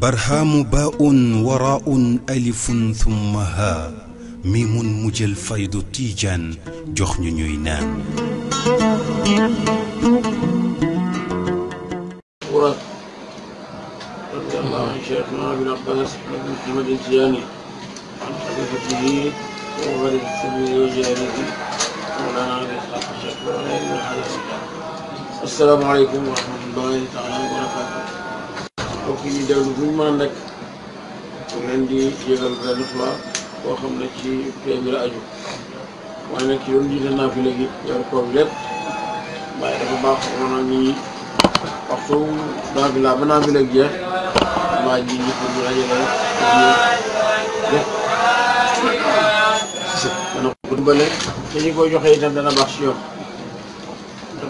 برهام باء وراء ألف ثم ها ميم مجل فيض تيجان جخن نينان رضي الله عن شيخنا بن عباس بن محمد الجياني عن خليفته وغير السبيل وجارته مولانا علي الحق asalaamaaleykum wa rahmatullahi taala wa barakaatu mbokk yi déglu bu ñu mën a nekk mu leen di yëgal benn fois boo xam ne ci pay bi la aju waaye nag ci doon jiite naa fi léegi yor koor bi lépp waaye dafa baax maanaam ñi waxtu naa fi laa ba naa fi léegi jeex maa ji ñi pour ñu dajale lépp dana ko dimbale te ñu koy joxe itam dana baax si yoon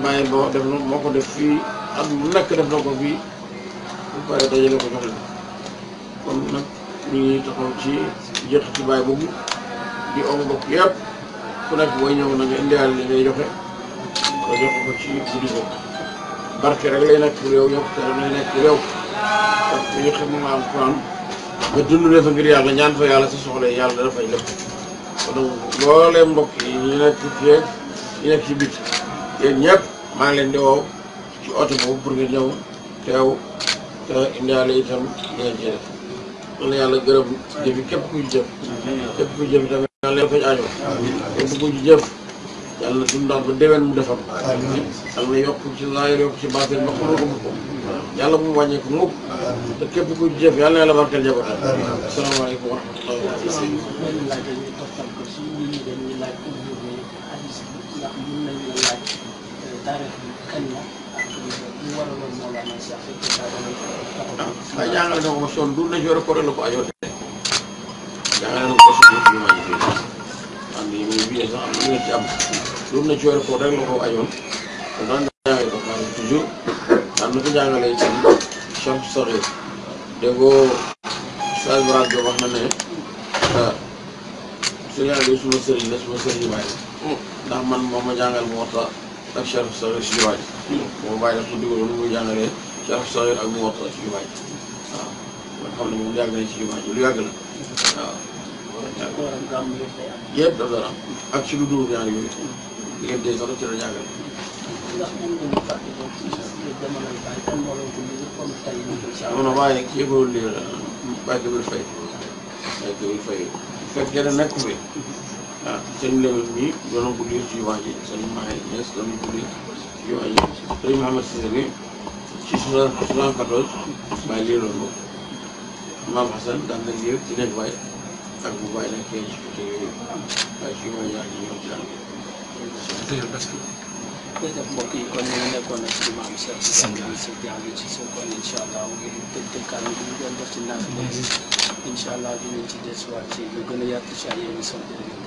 bàyyi boo def moo ko def fii at bu nekk def na ko fii bu pare dajale ko jox kon nag ñu taxaw ci jot ci bàyyi boobu di om mbokk yëpp ku nekk booy ñëw na nga indiwaale li ngay joxe nga jox ko ci guddi boobu barke rek lay nekk réew yokkute rek lay nekk réew parce que ñu xam nga am Alxuraan nga dundalee fa ngir yàlla ñaan fa yàlla si soxla yàlla dafay lépp kon donc yi nekk ci bit yéen ñëpp maa ngi leen di woo ci oto boobu pour ngeen ñëw teew te indiwaale itam ngeen ci yàlla yàlla gërëm jëfi képp kuy jëf képp kuy jëf tamit yàlla faj aajo képp ba déwén mu defam yàlla yokk ci zaahir yokk ci baatin ba xamul ko ko yàlla mu wàññeeku mukk te képp kuy jëf yàlla yàlla barkeel jabar taarix bi kañ jàngale na ko ba sonn na a ko la ko jàngale na ko ba sonn ñu na a ko rek la jàngale na ko jàngalee ci nga Sall wax na ne ah su ñu suma sëriñ la suma sëriñ baay mm. ndax man moom ma jàngal moo tax. ak Cheikh Saxiir si jumaa ji moom bàyyi daf ko digaloon muy jàngalee Cheikh Saxiir ak mu wax ci jumaa ji waaw man xam ne moom yàgg nañ ci jumaa ji lu yàgg la waaw yëpp daf dara ak ci lu dul ñaar yooyu diggante sax ci la jàngale mono waaye ki ko lii la Baye Djibril Faye Baye Djibril Faye bu fekkee ne nekk fi ah sëñ Lamine bi doon guddi ci jumaa ji sëñ Mahi Niass doon guddi ci jumaa ji sëñ Mouhamed Cissé bi ci 74 bàyyi liiroon ko maam Hassan daan liir ci nekk waay ak bu bàyyi nag kee ci côté yooyu waaye ci jumaa ñaar ji ñoom ci am jërëjëf mbokk yi kon ñu nekkoon ak ci maam Cheikh si si jàng ci suñ kon incha allah ngir tëj tëjkaan bi ñu doon def ci naaf incha allah dinañ ci des waat ci lu gën a yàgg ci ay émission jërëjëf